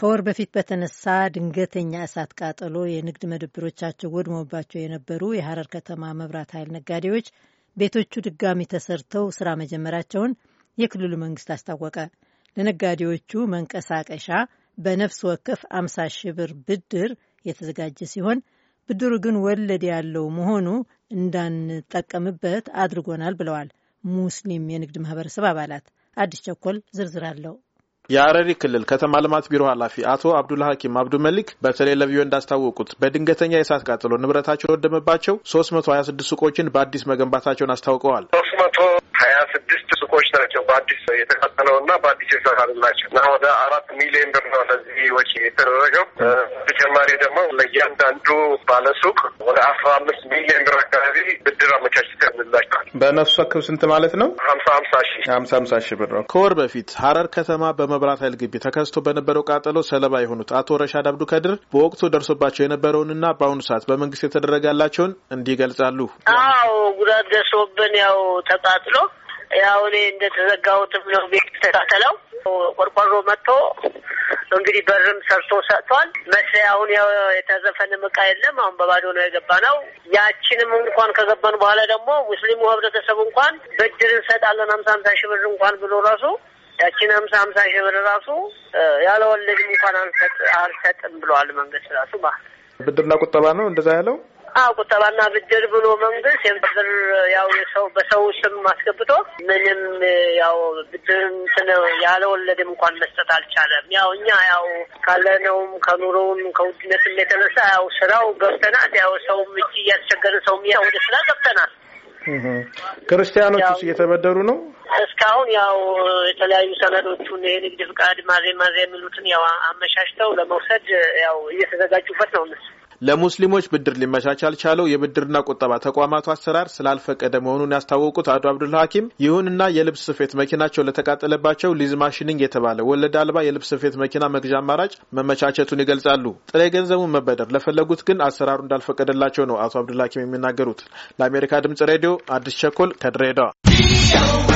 ከወር በፊት በተነሳ ድንገተኛ እሳት ቃጠሎ የንግድ መደብሮቻቸው ወድሞባቸው የነበሩ የሐረር ከተማ መብራት ኃይል ነጋዴዎች ቤቶቹ ድጋሚ ተሰርተው ስራ መጀመራቸውን የክልሉ መንግስት አስታወቀ። ለነጋዴዎቹ መንቀሳቀሻ በነፍስ ወከፍ 50 ሺህ ብር ብድር የተዘጋጀ ሲሆን ብድሩ ግን ወለድ ያለው መሆኑ እንዳንጠቀምበት አድርጎናል ብለዋል ሙስሊም የንግድ ማህበረሰብ አባላት። አዲስ ቸኮል ዝርዝር አለው። የአረሪ ክልል ከተማ ልማት ቢሮ ኃላፊ አቶ አብዱል ሀኪም አብዱ መሊክ በተለይ ለቪዮ እንዳስታወቁት በድንገተኛ የእሳት ቃጠሎ ንብረታቸው ወደመባቸው ሶስት መቶ ሀያ ስድስት ሱቆችን በአዲስ መገንባታቸውን አስታውቀዋል። ሶስት መቶ ሀያ ስድስት ሱቆች ናቸው በአዲስ የተቃጠለው እና በአዲስ የእሳት አደላቸው እና ወደ አራት ሚሊዮን ብር ነው ለዚህ ወጪ የተደረገው። በተጨማሪ ደግሞ ለእያንዳንዱ ባለሱቅ ወደ አስራ አምስት ሚሊዮን ብር አካባቢ በነፍሱ አክብ ስንት ማለት ነው? ሀምሳ ሀምሳ ሺ ሀምሳ ሀምሳ ብር ነው። ከወር በፊት ሀረር ከተማ በመብራት ኃይል ግቢ ተከስቶ በነበረው ቃጠሎ ሰለባ የሆኑት አቶ ረሻድ አብዱ ከድር በወቅቱ ደርሶባቸው የነበረውንና በአሁኑ ሰዓት በመንግስት የተደረጋላቸውን እንዲህ ይገልጻሉ። አዎ ጉዳት ደርሶብን ያው ተቃጥሎ ያው እኔ እንደተዘጋሁትም ነው ቤት ተቃጠለው ቆርቆሮ መጥቶ እንግዲህ በርም ሰርቶ ሰጥቷል። መስሪያውን አሁን የተዘፈንም እቃ የለም። አሁን በባዶ ነው የገባ ነው። ያችንም እንኳን ከገባን በኋላ ደግሞ ሙስሊሙ ህብረተሰብ እንኳን ብድር እንሰጣለን ሀምሳ ሀምሳ ሺህ ብር እንኳን ብሎ ራሱ ያችን ሀምሳ ሀምሳ ሺህ ብር ራሱ ያለ ወለድም እንኳን አልሰጥም ብለዋል መንግስት ራሱ ብድርና ቁጠባ ነው እንደዛ ያለው አዎ ቁጠባና ብድር ብሎ መንግስት የብድር ያው የሰው በሰው ስም አስገብቶ ምንም ያው ብድር እንትን ያለ ወለድም እንኳን መስጠት አልቻለም። ያው እኛ ያው ካለነውም ከኑሮውም ከውድነትም የተነሳ ያው ስራው ገብተናት ያው ሰውም እጅ እያስቸገረ ሰውም ያ ወደ ስራ ገብተናል። ክርስቲያኖች እየተበደሩ ነው። እስካሁን ያው የተለያዩ ሰነዶቹን ይሄ ንግድ ፍቃድ ማዜ ማዜ የሚሉትን ያው አመሻሽተው ለመውሰድ ያው እየተዘጋጁበት ነው እነሱ ለሙስሊሞች ብድር ሊመቻች ያልቻለው የብድርና ቁጠባ ተቋማቱ አሰራር ስላልፈቀደ መሆኑን ያስታወቁት አቶ አብዱል ሀኪም ይሁንና የልብስ ስፌት መኪናቸው ለተቃጠለባቸው ሊዝ ማሽኒንግ የተባለ ወለድ አልባ የልብስ ስፌት መኪና መግዣ አማራጭ መመቻቸቱን ይገልጻሉ። ጥሬ ገንዘቡን መበደር ለፈለጉት ግን አሰራሩ እንዳልፈቀደላቸው ነው አቶ አብዱል ሀኪም የሚናገሩት። ለአሜሪካ ድምጽ ሬዲዮ አዲስ ቸኮል ከድሬዳዋ